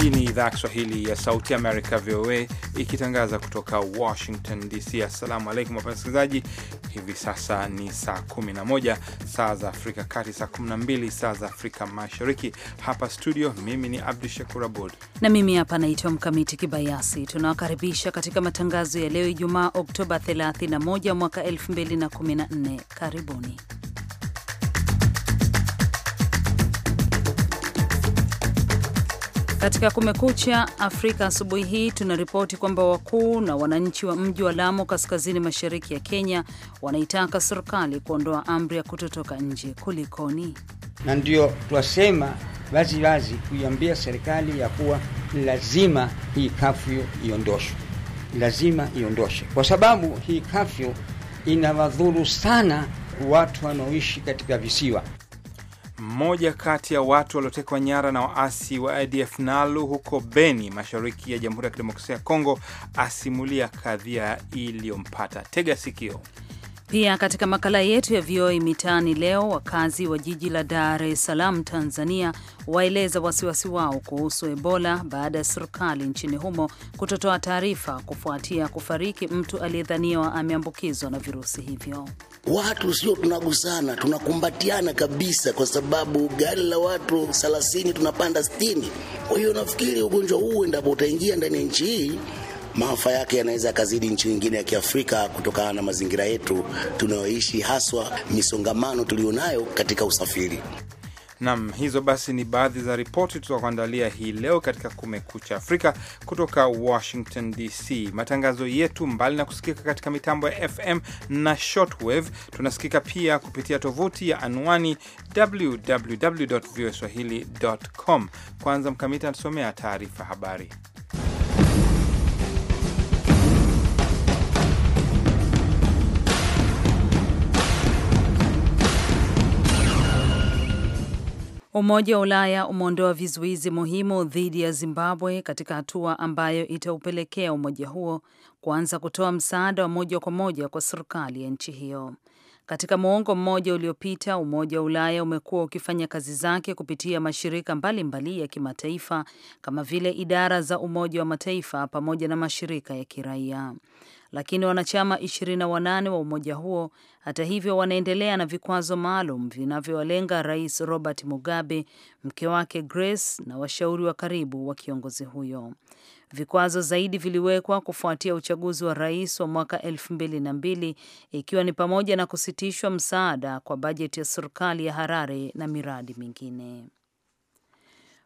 Hii ni idhaa ya Kiswahili ya Sauti Amerika, VOA, ikitangaza kutoka Washington DC. Assalamu alaikum wapenda wasikilizaji, hivi sasa ni saa 11 saa za Afrika Kati, saa 12 saa za Afrika Mashariki. Hapa studio, mimi ni Abdu Shakur Abud na mimi hapa naitwa Mkamiti Kibayasi. Tunawakaribisha katika matangazo ya leo Ijumaa, Oktoba 31 mwaka 2014. Karibuni. Katika Kumekucha Afrika asubuhi hii tunaripoti kwamba wakuu na wananchi wa mji wa Lamu kaskazini mashariki ya Kenya wanaitaka serikali kuondoa amri ya kutotoka nje. Kulikoni? Na ndio twasema wazi wazi kuiambia serikali ya kuwa lazima hii kafyu iondoshwe, lazima iondoshwe, kwa sababu hii kafyu inawadhuru sana watu wanaoishi katika visiwa mmoja kati ya watu waliotekwa nyara na waasi wa ADF Nalu huko Beni, mashariki ya Jamhuri ya Kidemokrasia ya Kongo, asimulia kadhia iliyompata. Tega sikio. Pia katika makala yetu ya VOA Mitaani leo, wakazi wa jiji la Dar es Salaam, Tanzania, waeleza wasiwasi wao kuhusu Ebola baada ya serikali nchini humo kutotoa taarifa kufuatia kufariki mtu aliyedhaniwa ameambukizwa na virusi hivyo. Watu sio tunagusana, tunakumbatiana kabisa, kwa sababu gari la watu thelathini tunapanda sitini. Kwa hiyo nafikiri ugonjwa huu endapo utaingia ndani ya nchi hii maafa yake yanaweza yakazidi nchi nyingine ya Kiafrika kutokana na mazingira yetu tunayoishi, haswa misongamano nayo katika usafiri. Nam, hizo basi ni baadhi za ripoti tutakuandalia hii leo katika Kumekucha Afrika kutoka Washington DC. Matangazo yetu mbali na kusikika katika mitambo ya FM na shortwave, tunasikika pia kupitia tovuti ya anwani www voaswahili com. Kwanza Mkamiti anatusomea taarifa habari. Umoja wa Ulaya umeondoa vizuizi muhimu dhidi ya Zimbabwe katika hatua ambayo itaupelekea umoja huo kuanza kutoa msaada wa moja kwa moja kwa serikali ya nchi hiyo. Katika muongo mmoja uliopita, Umoja wa Ulaya umekuwa ukifanya kazi zake kupitia mashirika mbalimbali mbali ya kimataifa kama vile idara za Umoja wa Mataifa pamoja na mashirika ya kiraia lakini wanachama 28 wa umoja huo hata hivyo wanaendelea na vikwazo maalum vinavyowalenga Rais Robert Mugabe, mke wake Grace na washauri wa karibu wa kiongozi huyo. Vikwazo zaidi viliwekwa kufuatia uchaguzi wa rais wa mwaka elfu mbili na mbili ikiwa ni pamoja na kusitishwa msaada kwa bajeti ya serikali ya Harare na miradi mingine.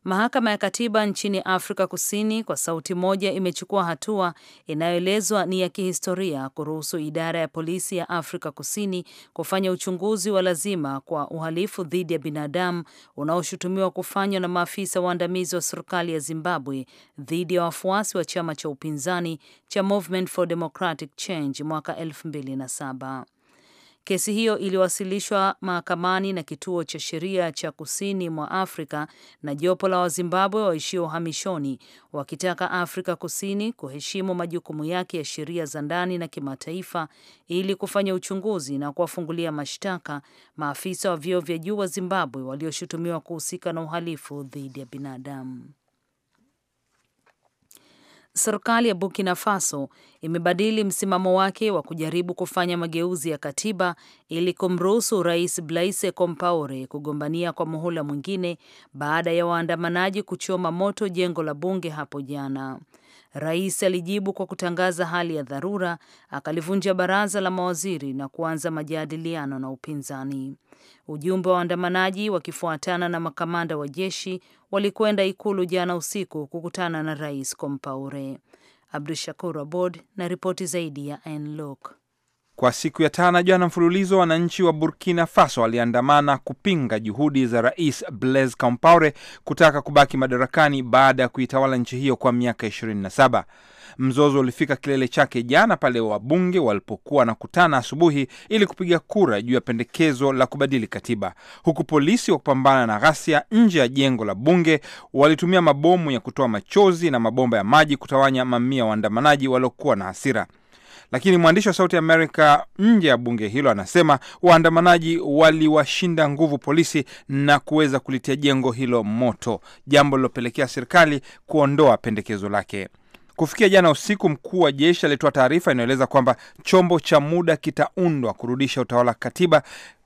Mahakama ya Katiba nchini Afrika Kusini kwa sauti moja imechukua hatua inayoelezwa ni ya kihistoria kuruhusu idara ya polisi ya Afrika Kusini kufanya uchunguzi wa lazima kwa uhalifu dhidi ya binadamu unaoshutumiwa kufanywa na maafisa waandamizi wa serikali ya Zimbabwe dhidi ya wafuasi wa chama cha upinzani cha Movement for Democratic Change mwaka 2007. Kesi hiyo iliwasilishwa mahakamani na kituo cha sheria cha kusini mwa Afrika na jopo la Wazimbabwe waishio uhamishoni wakitaka Afrika Kusini kuheshimu majukumu yake ya sheria za ndani na kimataifa ili kufanya uchunguzi na kuwafungulia mashtaka maafisa wa vyeo vya juu wa Zimbabwe walioshutumiwa kuhusika na uhalifu dhidi ya binadamu serikali ya Burkina Faso imebadili msimamo wake wa kujaribu kufanya mageuzi ya katiba ili kumruhusu Rais Blaise Compaore kugombania kwa muhula mwingine baada ya waandamanaji kuchoma moto jengo la bunge hapo jana. Rais alijibu kwa kutangaza hali ya dharura, akalivunja baraza la mawaziri na kuanza majadiliano na upinzani. Ujumbe wa waandamanaji wakifuatana na makamanda wa jeshi walikwenda ikulu jana usiku kukutana na rais Kompaure. Abdu Shakur Abod na ripoti zaidi ya Nlok. Kwa siku ya tano jana mfululizo, wananchi wa Burkina Faso waliandamana kupinga juhudi za Rais Blaise Compaore kutaka kubaki madarakani baada ya kuitawala nchi hiyo kwa miaka 27. Mzozo ulifika kilele chake jana pale wabunge walipokuwa wanakutana asubuhi ili kupiga kura juu ya pendekezo la kubadili katiba, huku polisi wa kupambana na ghasia nje ya jengo la bunge walitumia mabomu ya kutoa machozi na mabomba ya maji kutawanya mamia waandamanaji waliokuwa na hasira. Lakini mwandishi wa Sauti Amerika nje ya bunge hilo anasema waandamanaji waliwashinda nguvu polisi na kuweza kulitia jengo hilo moto, jambo lilopelekea serikali kuondoa pendekezo lake. Kufikia jana usiku, mkuu wa jeshi alitoa taarifa inayoeleza kwamba chombo cha muda kitaundwa kurudisha utawala katiba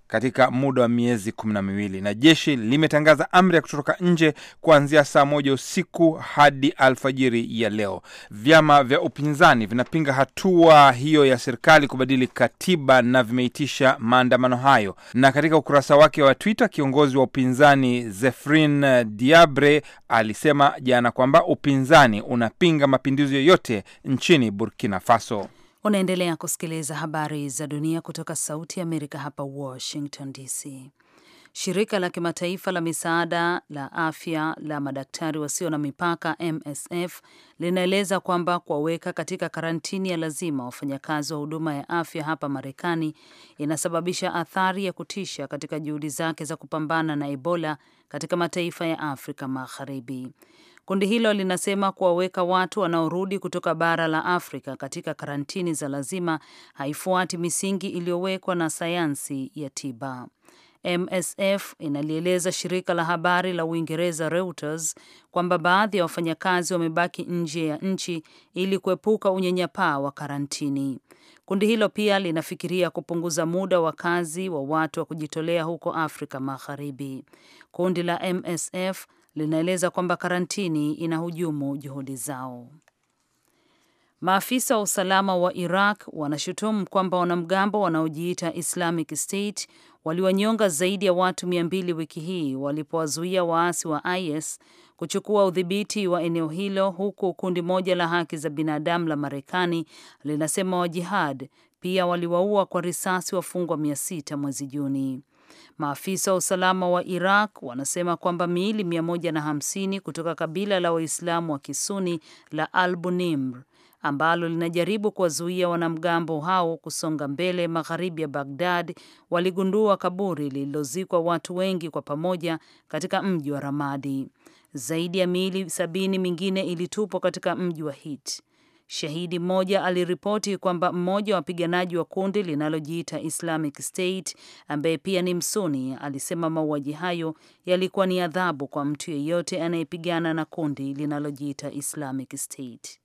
katika muda wa miezi kumi na miwili na jeshi limetangaza amri ya kutotoka nje kuanzia saa moja usiku hadi alfajiri ya leo. Vyama vya upinzani vinapinga hatua hiyo ya serikali kubadili katiba na vimeitisha maandamano hayo. Na katika ukurasa wake wa Twitter, kiongozi wa upinzani Zefrin Diabre alisema jana kwamba upinzani unapinga mapinduzi yoyote nchini Burkina Faso. Unaendelea kusikiliza habari za dunia kutoka Sauti ya Amerika hapa Washington DC. Shirika la kimataifa la misaada la afya la madaktari wasio na mipaka MSF linaeleza kwamba kuwaweka katika karantini ya lazima wafanyakazi wa huduma ya afya hapa Marekani inasababisha athari ya kutisha katika juhudi zake za kupambana na Ebola katika mataifa ya Afrika Magharibi. Kundi hilo linasema kuwaweka watu wanaorudi kutoka bara la Afrika katika karantini za lazima haifuati misingi iliyowekwa na sayansi ya tiba. MSF inalieleza shirika la habari la Uingereza Reuters kwamba baadhi ya wafanyakazi wamebaki nje ya nchi ili kuepuka unyanyapaa wa karantini. Kundi hilo pia linafikiria kupunguza muda wa kazi wa watu wa kujitolea huko Afrika Magharibi. Kundi la MSF linaeleza kwamba karantini inahujumu juhudi zao. Maafisa wa usalama wa Iraq wanashutumu kwamba wanamgambo wanaojiita Islamic State waliwanyonga zaidi ya watu mia mbili wiki hii walipowazuia waasi wa IS kuchukua udhibiti wa eneo hilo, huku kundi moja la haki za binadamu la Marekani linasema wajihad pia waliwaua kwa risasi wafungwa mia sita mwezi Juni. Maafisa wa usalama wa Iraq wanasema kwamba miili 150 kutoka kabila la Waislamu wa Kisuni la Albu Nimr ambalo linajaribu kuwazuia wanamgambo hao kusonga mbele magharibi ya Bagdad waligundua kaburi lililozikwa watu wengi kwa pamoja katika mji wa Ramadi. Zaidi ya miili sabini mingine ilitupwa katika mji wa Hit. Shahidi mmoja aliripoti kwamba mmoja wa wapiganaji wa kundi linalojiita Islamic State ambaye pia ni msuni alisema mauaji hayo yalikuwa ni adhabu kwa mtu yeyote anayepigana na kundi linalojiita Islamic State.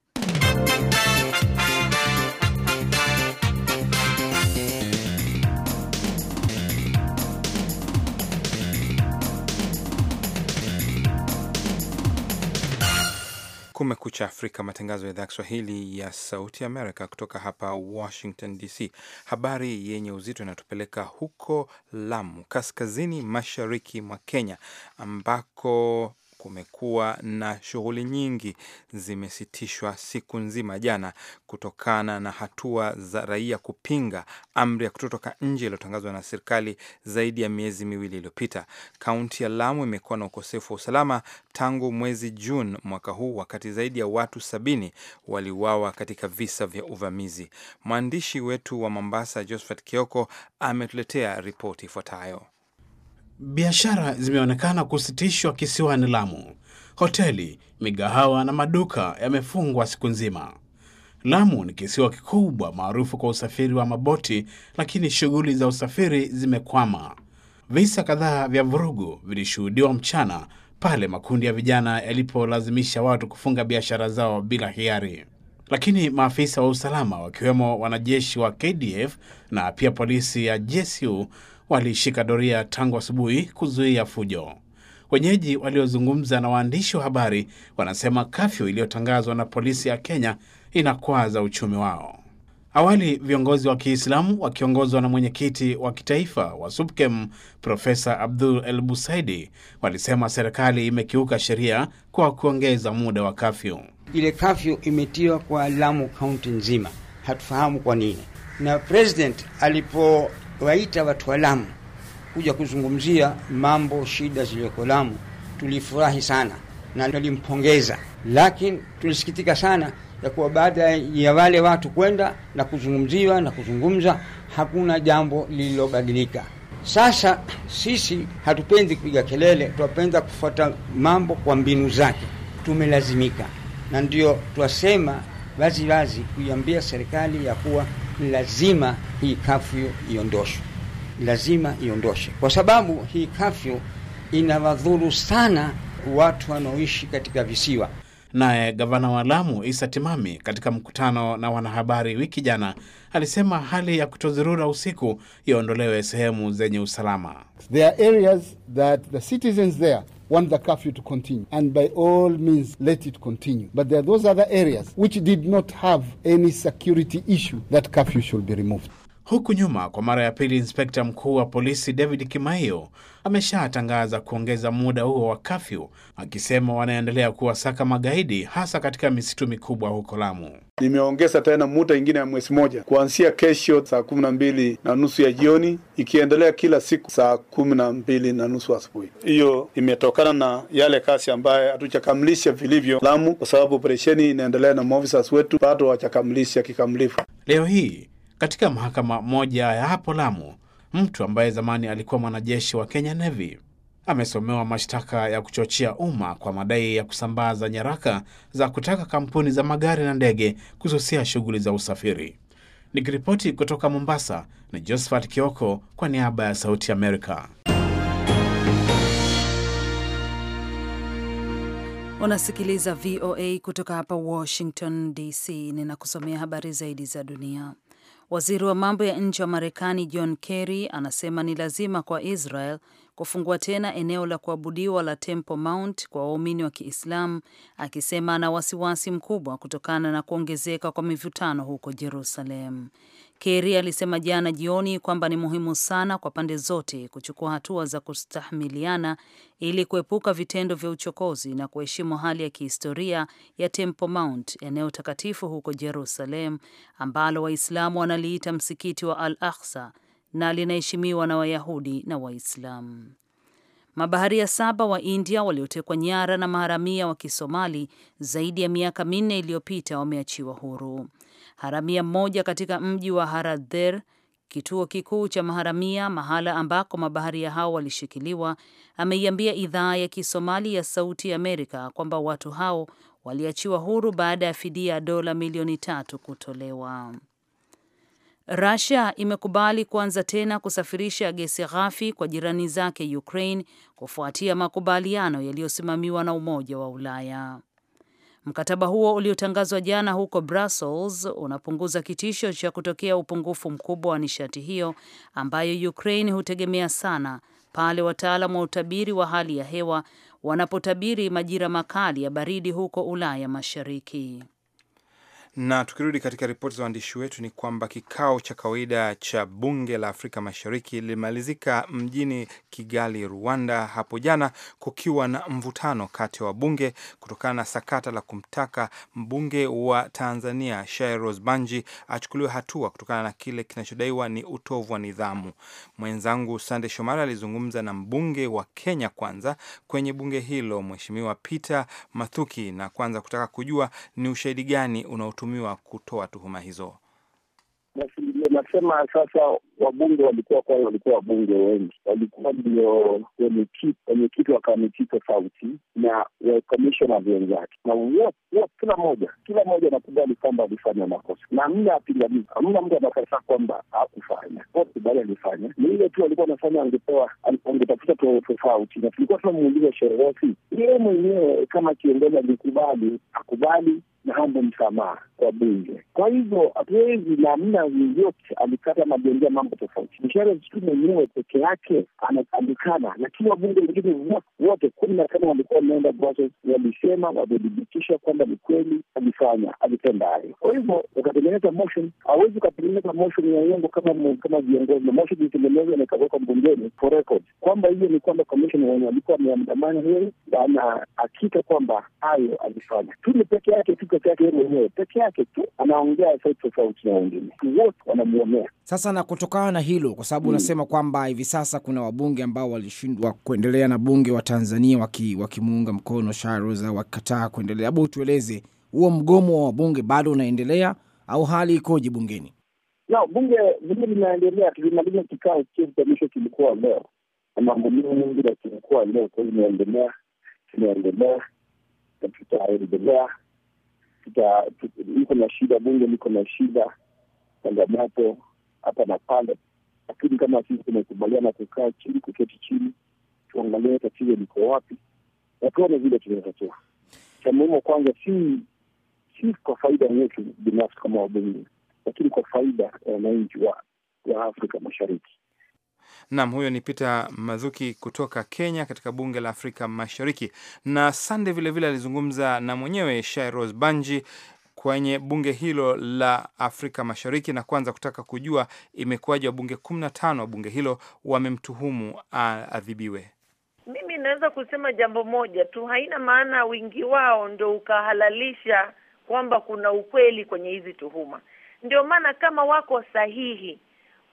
Kumekucha Afrika, matangazo ya idhaa ya Kiswahili ya Sauti Amerika kutoka hapa Washington DC. Habari yenye uzito inatupeleka huko Lamu, kaskazini mashariki mwa Kenya, ambako kumekuwa na shughuli nyingi zimesitishwa siku nzima jana kutokana na hatua za raia kupinga amri ya kutotoka nje iliyotangazwa na serikali zaidi ya miezi miwili iliyopita. Kaunti ya Lamu imekuwa na ukosefu wa usalama tangu mwezi Juni mwaka huu, wakati zaidi ya watu sabini waliuawa katika visa vya uvamizi. Mwandishi wetu wa Mombasa, Josephat Kioko, ametuletea ripoti ifuatayo. Biashara zimeonekana kusitishwa kisiwani Lamu. Hoteli, migahawa na maduka yamefungwa siku nzima. Lamu ni kisiwa kikubwa maarufu kwa usafiri wa maboti, lakini shughuli za usafiri zimekwama. Visa kadhaa vya vurugu vilishuhudiwa mchana pale makundi ya vijana yalipolazimisha watu kufunga biashara zao bila hiari. Lakini maafisa wa usalama wakiwemo wanajeshi wa KDF na pia polisi ya JSU walishika doria tangu asubuhi kuzuia fujo. Wenyeji waliozungumza na waandishi wa habari wanasema kafyu iliyotangazwa na polisi ya Kenya inakwaza uchumi wao. Awali viongozi wa Kiislamu wakiongozwa na mwenyekiti wa kitaifa wa SUPKEM Profesa Abdul El Busaidi walisema serikali imekiuka sheria kwa kuongeza muda wa kafyu. Ile kafyu imetiwa kwa Lamu kaunti nzima, hatufahamu kwa nini, na president alipo waita watu wa Lamu kuja kuzungumzia mambo shida zilizoko Lamu. Tulifurahi sana na tulimpongeza, lakini tulisikitika sana ya kuwa baada ya wale watu kwenda na kuzungumziwa na kuzungumza, hakuna jambo lililobadilika. Sasa sisi hatupendi kupiga kelele, tunapenda kufuata mambo kwa mbinu zake. Tumelazimika, na ndio twasema waziwazi kuiambia serikali ya kuwa lazima hii kafyu iondoshwe, lazima iondoshwe, kwa sababu hii kafyu inawadhuru sana watu wanaoishi katika visiwa. Naye gavana wa Lamu Isa Timami, katika mkutano na wanahabari wiki jana, alisema hali ya kutozurura usiku iondolewe sehemu zenye usalama. There are areas that the citizens there want the curfew to continue. And by all means, let it continue. But there are those other areas which did not have any security issue that curfew should be removed. Huku nyuma kwa mara ya pili, inspekta mkuu wa polisi David Kimaiyo ameshatangaza kuongeza muda huo wa kafyu, akisema wanaendelea kuwasaka magaidi hasa katika misitu mikubwa huko Lamu. Nimeongeza tena muda ingine ya mwezi moja kuanzia kesho saa kumi na mbili na nusu ya jioni, ikiendelea kila siku saa kumi na mbili na nusu asubuhi. Hiyo imetokana na yale kasi ambaye hatujakamilisha vilivyo Lamu, kwa sababu operesheni inaendelea na maofisa wetu bado hawajakamilisha kikamilifu. Leo hii katika mahakama moja ya hapo Lamu, mtu ambaye zamani alikuwa mwanajeshi wa Kenya Navy amesomewa mashtaka ya kuchochea umma kwa madai ya kusambaza nyaraka za kutaka kampuni za magari na ndege kususia shughuli za usafiri. Nikiripoti kutoka Mombasa ni Josephat Kioko kwa niaba ya Sauti Amerika. Unasikiliza VOA kutoka hapa Washington DC. Ninakusomea habari zaidi za dunia. Waziri wa mambo ya nje wa Marekani John Kerry anasema ni lazima kwa Israel kufungua tena eneo la kuabudiwa la Temple Mount kwa waumini wa Kiislamu, akisema ana wasiwasi mkubwa kutokana na kuongezeka kwa mivutano huko Jerusalem. Kerry alisema jana jioni kwamba ni muhimu sana kwa pande zote kuchukua hatua za kustahimiliana ili kuepuka vitendo vya uchokozi na kuheshimu hali ya kihistoria ya Temple Mount, eneo takatifu huko Jerusalem ambalo Waislamu wanaliita msikiti wa Al Aqsa na linaheshimiwa na Wayahudi na Waislamu. Mabaharia saba wa India waliotekwa nyara na maharamia wa Kisomali zaidi ya miaka minne iliyopita wameachiwa huru haramia mmoja katika mji wa Haradher, kituo kikuu cha maharamia, mahala ambako mabaharia hao walishikiliwa, ameiambia idhaa ya Kisomali ya Sauti ya Amerika kwamba watu hao waliachiwa huru baada ya fidia ya dola milioni tatu kutolewa. Russia imekubali kuanza tena kusafirisha gesi ghafi kwa jirani zake Ukraine kufuatia makubaliano yaliyosimamiwa na Umoja wa Ulaya. Mkataba huo uliotangazwa jana huko Brussels unapunguza kitisho cha kutokea upungufu mkubwa wa nishati hiyo ambayo Ukraine hutegemea sana pale wataalam wa utabiri wa hali ya hewa wanapotabiri majira makali ya baridi huko Ulaya Mashariki. Na tukirudi katika ripoti za waandishi wetu ni kwamba kikao cha kawaida cha bunge la Afrika Mashariki lilimalizika mjini Kigali, Rwanda hapo jana, kukiwa na mvutano kati ya wabunge kutokana na sakata la kumtaka mbunge wa Tanzania Shairos Banji achukuliwe hatua kutokana na kile kinachodaiwa ni utovu wa nidhamu. Mwenzangu Sande Shomari alizungumza na mbunge wa Kenya kwanza kwenye bunge hilo, Mheshimiwa Peter Mathuki, na kwanza kutaka kujua ni ushahidi gani unao wanaotumiwa kutoa tuhuma hizo. Nasema sasa, wabunge walikuwa kwa walikuwa wabunge wengi, walikuwa ndio wenyekiti wa kamati tofauti na wakamishona wenzake, na kila moja kila moja anakubali kwamba alifanya makosa, na mna apingamizi, amna mtu anakasa kwamba hakufanya, wote bali alifanya. Ni ile tu alikuwa anafanya, angepewa angetafuta tofauti, na tulikuwa tunamuuliza sherehe, yeye mwenyewe kama kiongozi angekubali akubali na hambo msamaha kwa bunge. Kwa hivyo hatuwezi namna yeyote, alikata majengea mambo tofauti. Mshare siku mwenyewe peke yake anaandikana, lakini wabunge wengine wote kumi na tano walikuwa wameenda Brussels, walisema wamedhibitisha kwamba ni kweli alifanya alitenda hayo. Kwa hivyo ukatengeneza motion, hawezi ukatengeneza motion ya yengo kama kama viongozi na motion ilitengenezwa na ikawekwa bungeni for record kwamba hiyo ni kwamba commission wenye walikuwa wameandamana, yeye ana hakika kwamba hayo alifanya Tume peke yake tu peke yake mwenyewe peke yake tu anaongea sauti tofauti na wengine, wote wanamuonea Sasa na kutokana na hilo, kwa sababu hmm. unasema hmm, kwamba hivi sasa kuna wabunge ambao walishindwa kuendelea na bunge wa Tanzania wakimuunga waki mkono Sharoza wakikataa kuendelea, hebu tueleze huo mgomo wa wabunge bado unaendelea au hali ikoje bungeni? No, bunge bunge linaendelea. Tulimaliza kikao chetu cha mwisho, kilikuwa leo na mambo mingi na kilikuwa leo, kwao imeendelea tunaendelea na tutaendelea iko na shida, bunge liko na shida, changamoto hapa na pale, lakini kama sisi tumekubaliana kukaa chini, kuketi chini, tuangalie tatizo liko wapi na tuone vile tunatatua. Cha muhimu kwanza, si si kwa faida yetu binafsi kama wabunge, lakini kwa faida ya wananchi wa Afrika Mashariki. Nam, huyo ni Peter Mazuki kutoka Kenya katika bunge la Afrika Mashariki. Na Sande vilevile alizungumza na mwenyewe Shairos Banji kwenye bunge hilo la Afrika Mashariki na kwanza kutaka kujua imekuwaje wabunge kumi na tano wa bunge hilo wamemtuhumu aadhibiwe. Mimi naweza kusema jambo moja tu, haina maana wingi wao ndo ukahalalisha kwamba kuna ukweli kwenye hizi tuhuma. Ndio maana kama wako sahihi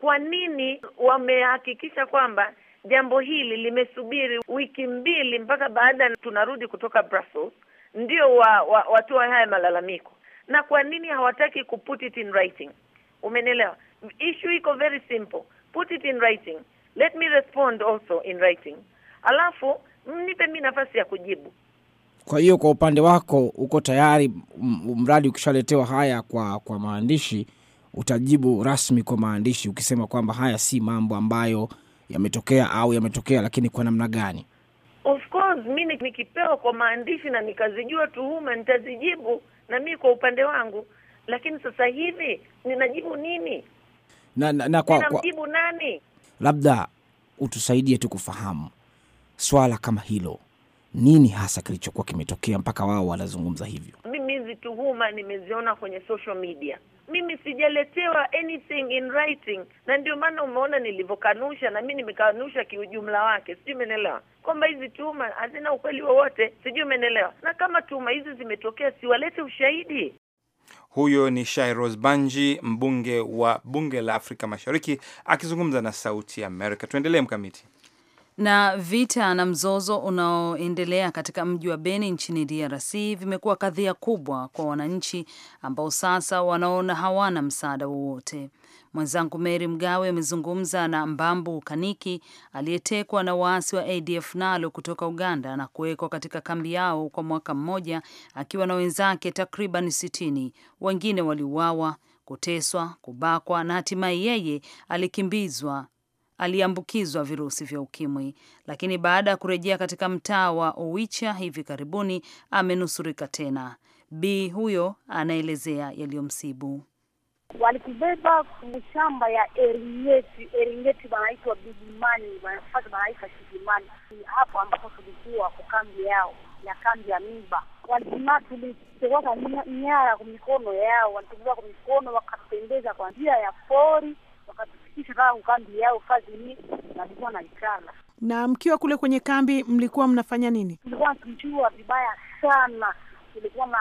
kwa nini wamehakikisha kwamba jambo hili limesubiri wiki mbili mpaka baada tunarudi kutoka Brussels ndio wa, wa, watoa haya malalamiko, na kwa nini hawataki ku put it in writing? Umenielewa? Issue iko very simple, put it in writing, let me respond also in writing, alafu mnipe mi nafasi ya kujibu. Kwa hiyo kwa upande wako uko tayari mradi ukishaletewa haya kwa kwa maandishi utajibu rasmi kwa maandishi ukisema kwamba haya si mambo ambayo yametokea au yametokea lakini kwa namna gani? Of course mi nikipewa kwa maandishi na nikazijua tuhuma nitazijibu na mi kwa upande wangu, lakini sasa hivi ninajibu nini na, na, na kwa, kwa... nani? Labda utusaidie tu kufahamu swala kama hilo, nini hasa kilichokuwa kimetokea mpaka wao wanazungumza hivyo? Mimi hizi tuhuma nimeziona kwenye social media mimi sijaletewa anything in writing, na ndio maana umeona nilivyokanusha, na mimi nimekanusha kiujumla wake, sijui umeelewa kwamba hizi tuhuma hazina ukweli wowote, sijui umeelewa. Na kama tuhuma hizi zimetokea, siwalete ushahidi. Huyo ni Shairos Banji, mbunge wa bunge la Afrika Mashariki akizungumza na Sauti ya Amerika. Tuendelee mkamiti na vita na mzozo unaoendelea katika mji wa Beni nchini DRC vimekuwa kadhia kubwa kwa wananchi ambao sasa wanaona hawana msaada wowote. Mwenzangu Meri Mgawe amezungumza na Mbambu Kaniki aliyetekwa na waasi wa ADF nalo kutoka Uganda na kuwekwa katika kambi yao kwa mwaka mmoja akiwa na wenzake takriban sitini. Wengine waliuawa, kuteswa, kubakwa na hatimaye yeye alikimbizwa aliambukizwa virusi vya ukimwi, lakini baada ya kurejea katika mtaa wa Owicha hivi karibuni amenusurika tena. Bi huyo anaelezea yaliyomsibu. Walikubeba kwenye shamba ya Eringeti, Eringeti wanaitwa Bijimani, wanafasi wanaita ni hapo ambapo tulikuwa kwa kambi yao ya kambi ya miba. Walisema tulitegwaka nyara kwa mikono yao, walitegwaka kwa mikono, wakatutembeza kwa njia ya pori wakatu kisha nikishafika kambi yao kazini nalikuwa naikala. Na mkiwa kule kwenye kambi mlikuwa mnafanya nini? Tulikuwa tumchua vibaya sana, tulikuwa na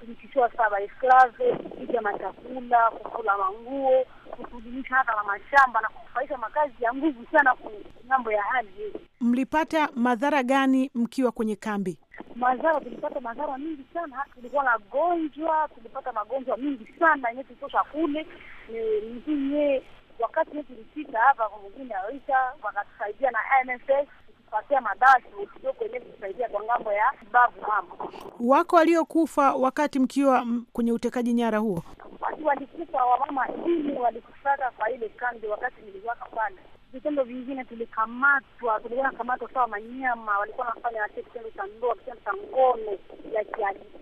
tumkishua saa baesklave kupiga machakula, kukula manguo, kutudumisha hata na mashamba na kufaisha makazi ya nguvu sana ku ng'ambo ya hali Mlipata madhara gani mkiwa kwenye kambi? Madhara, tulipata madhara mingi sana. Tulikuwa na gonjwa, tulipata magonjwa mingi sana yenye tulitosha kule eh, mzinye wakati wetu ulipita hapa kwa mwingine aisha wakatusaidia na NSS kutupatia madawa kidogo yenyewe kutusaidia kwa ngambo ya babu. Mama wako waliokufa wakati mkiwa kwenye utekaji nyara huo, watu walikufa wamama ili walikufaka kwa ile kambi wakati niliwaka pale. Vitendo vingine tulikamatwa, tulikuwa nakamatwa sawa manyama, walikuwa wanafanya kitendo cha ndoa, kitendo cha ngono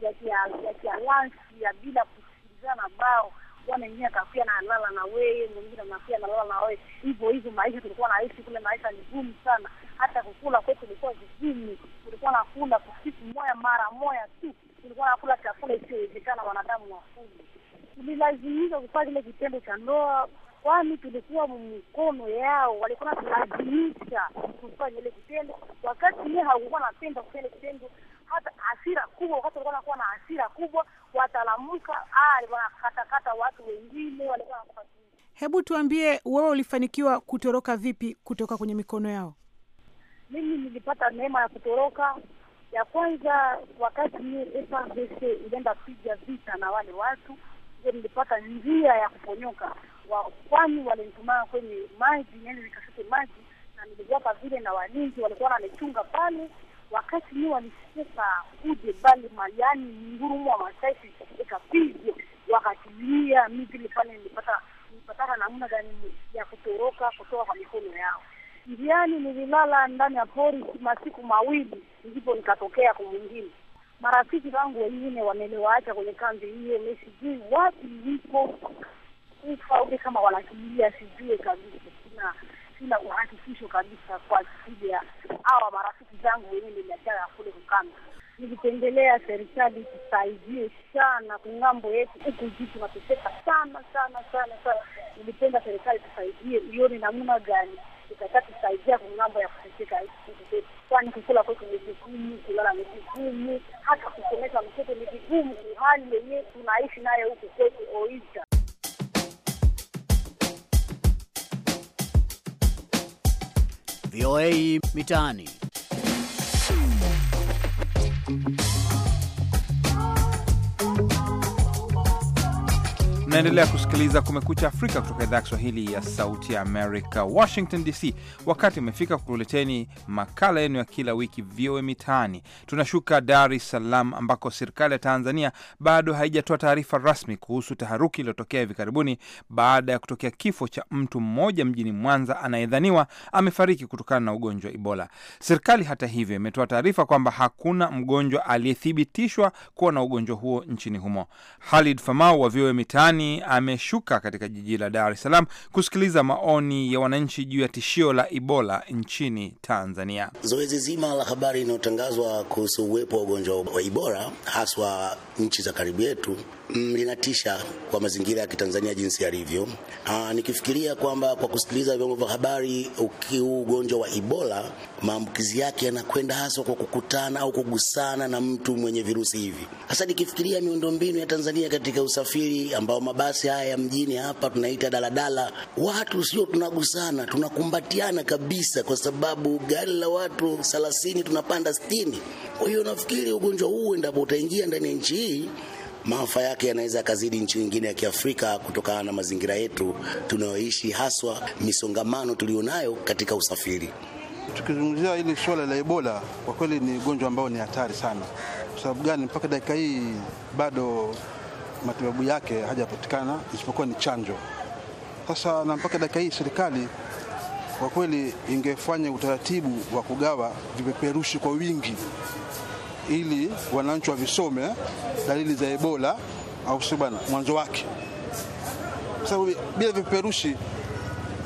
ya kialansi ya bila kusikilizana bao na yenyewe akafia na analala na wewe, mwingine anafia analala na wewe. Hivyo hivyo maisha tulikuwa naishi kule, maisha ni gumu sana, hata kukula kwetu ilikuwa vigumu. Tulikuwa nakula kwa moya mara moya tu, tulikuwa nakula chakula isiyowezekana wanadamu wafuli. Tulilazimika kufanya kile kitendo cha ndoa, kwani tulikuwa mkono yao, walikuwa wanatulazimisha kufanya ile kitendo, wakati yeye hakukuwa anapenda kufanya kitendo hata hasira kubwa, wakati walikuwa wanakuwa na hasira kubwa, watalamuka, ah, wanakatakata watu wengine walikuwa Hebu tuambie wewe, ulifanikiwa kutoroka vipi kutoka kwenye mikono yao? Mimi nilipata neema ya kutoroka. Ya kwanza, wakati FARDC ilienda piga vita na wale watu, ndio nilipata njia ya kuponyoka, kwani walinitumaa kwenye maji, yani nikashute maji, na niliwapa vile, na walinzi walikuwa wananichunga pale wakati ni walifika kuje bali mayani ngurumo wa masaisi ikapigwa wakatilia mi pale nilipata nilipataka namna gani ya kutoroka kutoka kwa mikono yao njiani nililala ndani ya pori masiku mawili ndipo nikatokea kwa mwingine marafiki zangu wengine wamelewaacha kwenye kambi hiyo mi sijui wapi niko ule kama wanakimbilia sijue kabisa na sina uhakikisho kabisa kwa ajili ya hawa marafiki zangu wenye nimeachana ya kule Ukanda. Nilipendelea serikali tusaidie sana kung'ambo yetu, huku juu tunateseka sana sana sana sana. Nilipenda serikali tusaidie, ione namna gani tutakaa tusaidia kung'ambo ya kuteseka kwani kukula kwetu ni vigumu, kulala ni vigumu, hata kusomesha mtoto ni vigumu, hali yenyewe tunaishi naye huku kwetu Oicha. VOA Mitaani. Naendelea kusikiliza Kumekucha Afrika kutoka idhaa ya Kiswahili ya Sauti ya Amerika, Washington DC. Wakati umefika kukuleteni makala yenu ya kila wiki, VOA Mitaani. Tunashuka Dar es Salaam, ambako serikali ya Tanzania bado haijatoa taarifa rasmi kuhusu taharuki iliyotokea hivi karibuni baada ya kutokea kifo cha mtu mmoja mjini Mwanza anayedhaniwa amefariki kutokana na ugonjwa Ebola. Serikali hata hivyo imetoa taarifa kwamba hakuna mgonjwa aliyethibitishwa kuwa na ugonjwa huo nchini humo. Halid Famau wa VOA Mitaani Marekani ameshuka katika jiji la Dar es Salaam kusikiliza maoni ya wananchi juu ya tishio la Ebola nchini Tanzania. Zoezi zima la habari inayotangazwa kuhusu uwepo wa ugonjwa wa Ebola haswa nchi za karibu yetu mm, linatisha kwa mazingira ya Kitanzania jinsi yalivyo. Ah, nikifikiria kwamba kwa kusikiliza vyombo vya habari ukiu ugonjwa wa ibola maambukizi yake yanakwenda haswa kwa kukutana au kugusana na mtu mwenye virusi hivi. Sasa nikifikiria miundombinu ya Tanzania katika usafiri ambao mabasi haya ya mjini hapa tunaita daladala, watu sio tunagusana, tunakumbatiana kabisa, kwa sababu gari la watu thelathini tunapanda sitini. Kwa hiyo nafikiri ugonjwa huu endapo utaingia ndani ya nchi hii maafa yake yanaweza yakazidi nchi nyingine ya Kiafrika kutokana na mazingira yetu tunayoishi, haswa misongamano nayo katika usafiri. Tukizungumzia hili suala la Ebola, kwa kweli ni ugonjwa ambao ni hatari sana. Kwa sababu gani? Mpaka dakika hii bado matibabu yake hajapatikana isipokuwa ni chanjo. Sasa na mpaka dakika hii serikali kwa kweli ingefanya utaratibu wa kugawa vipeperushi kwa wingi ili wananchi wavisome dalili za Ebola, au sio bwana, mwanzo wake, kwa sababu bila vipeperushi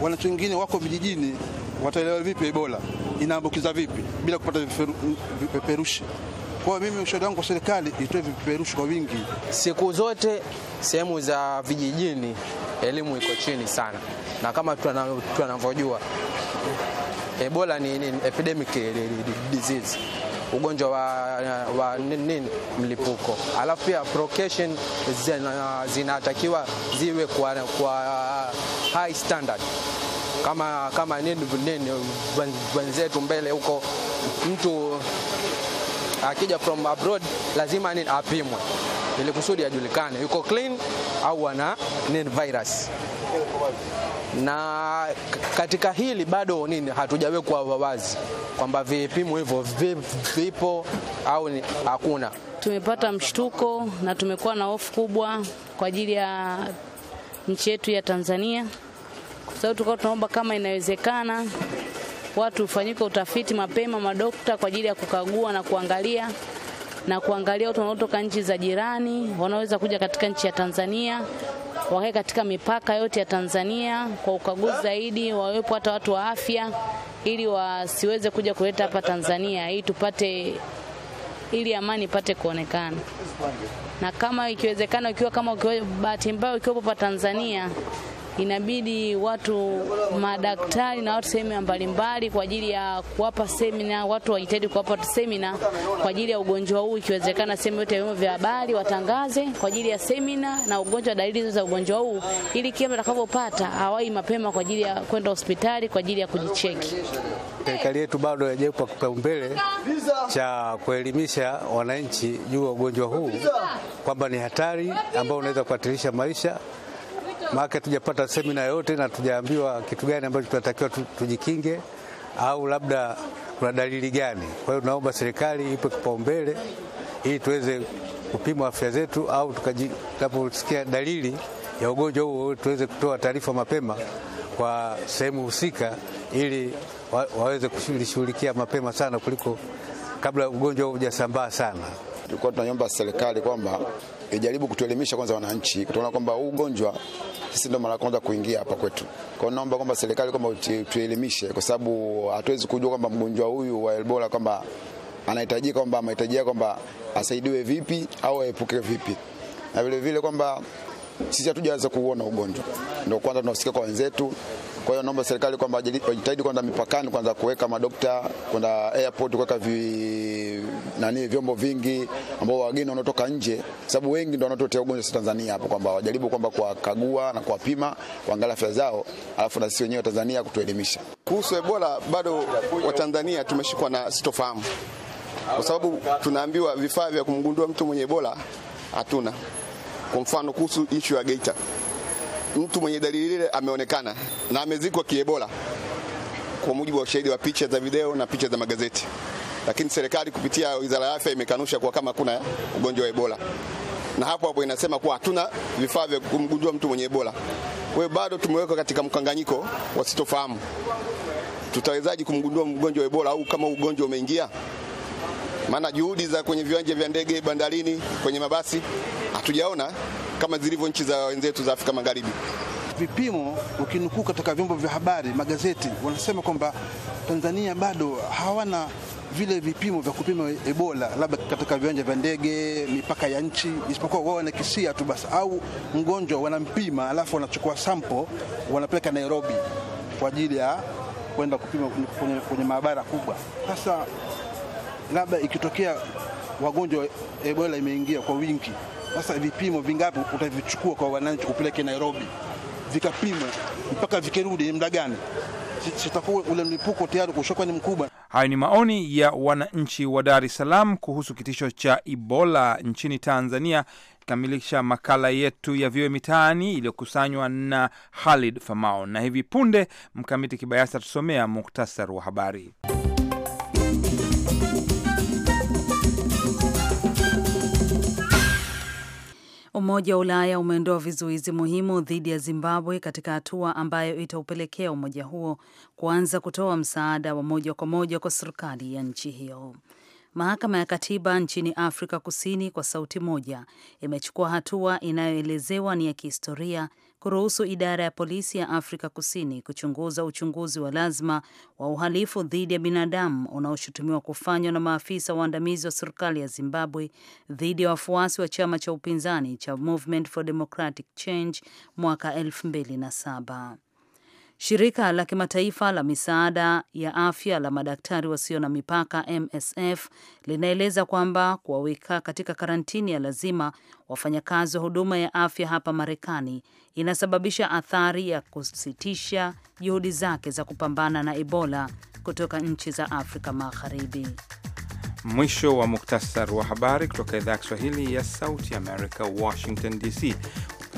wananchi wengine wako vijijini wataelewa vipi Ebola inaambukiza vipi bila kupata vipeperushi? Kwa hiyo mimi ushauri wangu kwa serikali itoe vipeperushi kwa wingi. Siku zote sehemu za vijijini elimu iko chini sana, na kama tunavyojua Ebola ni, ni epidemic eh, disease ugonjwa wa, wa nini mlipuko. Alafu pia procation zina, zinatakiwa ziwe kwa, kwa high standard kama kama nini nini wenzetu mbele huko, mtu akija from abroad lazima nini apimwe ili kusudi ajulikane yuko clean au ana nini virus na katika hili bado nini hatujawekwa wawazi kwamba vipimo hivyo vipo au hakuna. Tumepata mshtuko na tumekuwa na hofu kubwa kwa ajili ya nchi yetu ya Tanzania, kwa sababu tulikuwa tunaomba kama inawezekana watu ufanyike utafiti mapema, madokta kwa ajili ya kukagua na kuangalia na kuangalia watu wanaotoka nchi za jirani wanaweza kuja katika nchi ya Tanzania wakae katika mipaka yote ya Tanzania kwa ukaguzi zaidi, wawepo hata watu wa afya ili wasiweze kuja kuleta hapa Tanzania ili tupate ili amani ipate kuonekana, na kama ikiwezekana, ukiwa kama bahati mbaya ukiwepo pa Tanzania inabidi watu madaktari na watu sehemu mbalimbali kwa ajili ya kuwapa semina, watu wajitahidi kuwapa semina kwa ajili ya ugonjwa huu, ikiwezekana sehemu yote ya vyombo vya habari watangaze kwa ajili ya semina na ugonjwa, dalili za ugonjwa huu, ili kila atakapopata awai mapema kwa ajili ya kwenda hospitali kwa ajili ya kujicheki. Serikali yetu bado haijaipa kipaumbele cha kuelimisha wananchi juu ya ugonjwa huu kwamba ni hatari ambao unaweza kuhatarisha maisha maake tujapata semina yoyote na tujaambiwa kitu gani ambacho tunatakiwa tujikinge au labda kuna dalili gani. Kwa hiyo tunaomba serikali ipe kipaumbele ili tuweze kupima afya zetu, au tunaposikia dalili ya ugonjwa huo tuweze kutoa taarifa mapema kwa sehemu husika, ili waweze kulishughulikia mapema sana kuliko kabla ugonjwa hujasambaa sana tulikuwa tunaomba serikali kwamba ijaribu kutuelimisha kwanza wananchi, kutona kwamba huu ugonjwa sisi ndo mara kwanza kuingia hapa kwetu. Kwa hiyo naomba kwamba serikali kwamba tuelimishe, kwa sababu hatuwezi kujua kwamba mgonjwa huyu wa Ebola kwamba anahitaji kwamba mahitaji kwamba asaidiwe vipi au aepuke vipi, na vilevile kwamba sisi hatujaweza kuona ugonjwa, ndio kwanza tunasikia kwa wenzetu kwa hiyo naomba serikali kwamba wajitahidi kwanza mipakani kwanza kuweka madokta, kwenda airport kuweka vi, nani vyombo vingi ambao wageni wanaotoka nje, sababu wengi ndio wanaototea ugonjwa Tanzania hapo, kwamba wajaribu kwamba kuwakagua na kuwapima, kuangalia afya zao, alafu na sisi wenyewe Tanzania kutuelimisha kuhusu Ebola. Bado Watanzania tumeshikwa na sitofahamu, kwa sababu tunaambiwa vifaa vya kumgundua mtu mwenye Ebola hatuna. Kwa mfano kuhusu ishu ya Geita mtu mwenye dalili lile ameonekana na amezikwa kiebola kwa mujibu wa ushahidi wa picha za video na picha za magazeti, lakini serikali kupitia Wizara ya Afya imekanusha kuwa kama kuna ugonjwa wa Ebola, na hapo hapo inasema kuwa hatuna vifaa vya kumgundua mtu mwenye Ebola. Kwa hiyo bado tumeweka katika mkanganyiko wasitofahamu, tutawezaje kumgundua mgonjwa wa Ebola au kama ugonjwa umeingia? Maana juhudi za kwenye viwanja vya ndege, bandarini, kwenye mabasi hatujaona kama zilivyo nchi za wenzetu za Afrika Magharibi. Vipimo ukinukuu katika vyombo vya habari, magazeti, wanasema kwamba Tanzania bado hawana vile vipimo vya kupima Ebola labda katika viwanja vya ndege, mipaka ya nchi, isipokuwa wao wanakisia tu basi, au mgonjwa wanampima, alafu wanachukua sample wanapeleka Nairobi kwa ajili ya kwenda kupima kwenye, kwenye maabara kubwa. Sasa labda ikitokea wagonjwa Ebola imeingia kwa wingi sasa vipimo vingapi utavichukua kwa wananchi kupeleke Nairobi vikapimwe mpaka vikirudi ni gani? Sitakuwa ule mlipuko tayari kushoka ni mkubwa. Hayo ni maoni ya wananchi wa Dar es Salaam kuhusu kitisho cha Ebola nchini Tanzania. Kamilisha makala yetu ya vyowe Mitaani iliyokusanywa na Halid Famao, na hivi punde Mkamiti Kibayasi atusomea muktasar wa habari. Umoja wa Ulaya umeondoa vizuizi muhimu dhidi ya Zimbabwe katika hatua ambayo itaupelekea umoja huo kuanza kutoa msaada wa moja kwa moja kwa serikali ya nchi hiyo. Mahakama ya Katiba nchini Afrika Kusini kwa sauti moja imechukua hatua inayoelezewa ni ya kihistoria kuruhusu idara ya polisi ya Afrika Kusini kuchunguza uchunguzi wa lazima wa uhalifu dhidi ya binadamu unaoshutumiwa kufanywa na maafisa waandamizi wa serikali ya Zimbabwe dhidi ya wafuasi wa chama cha upinzani cha Movement for Democratic Change mwaka 2007. Shirika la kimataifa la misaada ya afya la madaktari wasio na mipaka MSF linaeleza kwamba kuwaweka katika karantini ya lazima wafanyakazi wa huduma ya afya hapa Marekani inasababisha athari ya kusitisha juhudi zake za kupambana na Ebola kutoka nchi za Afrika Magharibi. Mwisho wa muktasar wa habari kutoka idhaa ya Kiswahili ya Sauti Amerika, Washington DC.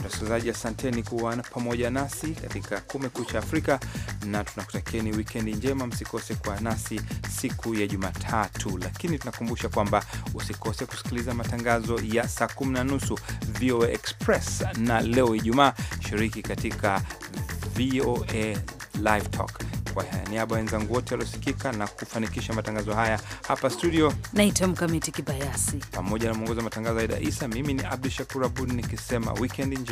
Wasikilizaji, asanteni kuwa pamoja nasi katika Kumekucha Afrika na tunakutakieni wikendi njema. Msikose kwa nasi siku ya Jumatatu, lakini tunakumbusha kwamba usikose kusikiliza matangazo ya saa kumi na nusu VOA Express, na leo Ijumaa shiriki katika VOA Live Talk. Kwa niaba ya wenzangu wote waliosikika na kufanikisha matangazo haya hapa studio, naitwa Mkamiti Kibayasi pamoja na mwongozi wa matangazo Aida Isa, mimi ni Abdu Shakur Abud nikisema wikendi njema.